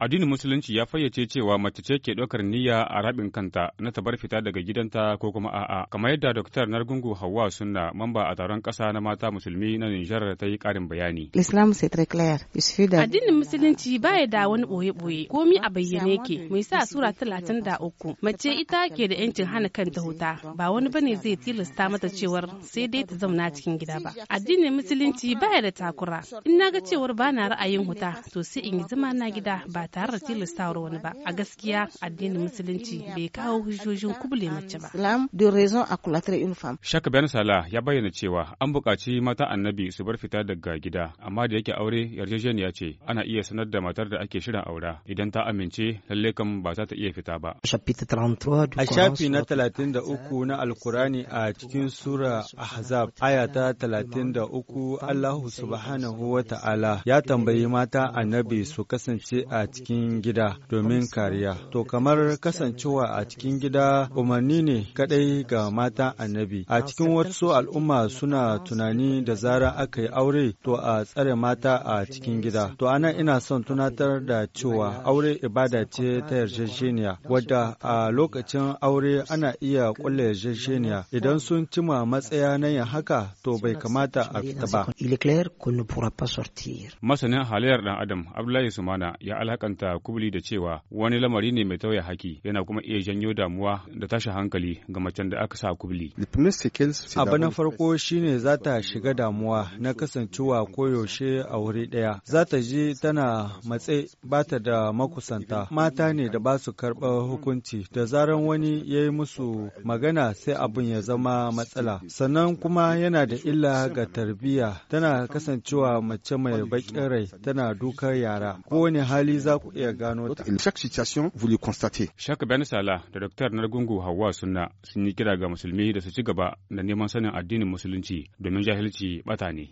Addinin Musulunci ya fayyace cewa mace ce ke ɗaukar niyya a rabin kanta na ta bar fita daga gidanta ko kuma a'a. Kamar yadda Dr. Nargungu Hauwa Sunna, mamba a taron ƙasa na mata musulmi na Nijar ta yi ƙarin bayani. Islam c'est très clair. Addinin Musulunci baya da wani ɓoye-ɓoye, komi a bayyane yake. Mai sa sura talatin da uku. Mace ita ke da ‘yancin hana kanta huta, ba wani bane zai tilasta mata cewar sai dai ta zauna cikin gida ba. Addinin Musulunci baya da takura. In na ga cewar ba na ra'ayin huta, to sai in yi zama na gida ba tare da tilastawa wani ba a gaskiya addinin musulunci bai kawo hujjojin kubule mace ba a shaka bayan sala ya bayyana cewa an buƙaci mata annabi su bar fita daga gida amma da yake aure yarjejeniya ce ana iya sanar da matar da ake shirin aura idan ta amince lalle kam ba za ta iya fita ba a shafi na talatin da na alkurani a cikin sura ahzab aya ta talatin da uku allahu subhanahu wa ta'ala ya tambayi mata annabi su kasance a cikin gida domin kariya. To kamar kasancewa a cikin gida umarni ne kadai ga mata annabi. A cikin wasu al'umma suna tunani da zara aka yi aure to a tsare mata a cikin gida. To ana ina son tunatar da cewa aure ibada ce ta yarjejeniya wadda a lokacin aure ana iya kulle yarjejeniya idan sun cima matsaya na yin haka to bai kamata a fita ba. Masanin halayyar dan Adam Abdullahi Sumana ya alhaka alakanta kubli da cewa wani lamari ne mai tauya haki yana kuma iya janyo damuwa da tashin hankali ga macen da aka sa kubli. Abu na farko shine za ta shiga damuwa na kasancewa koyaushe a wuri ɗaya. Za ta ji tana matse ba ta da makusanta. Mata ne da ba su karɓar hukunci da zaran wani ya yi musu magana sai abin ya zama matsala. Sannan kuma yana da illa ga tarbiyya tana kasancewa mace mai baƙin rai tana dukar yara. Kowane hali za ku iya gano ta. Chaque situation vous le constatez. Shaka Bani Sala da Dr. Nargungu Hawwa Sunna sun yi kira ga musulmi da su ci gaba da neman sanin addinin musulunci domin jahilci bata ne.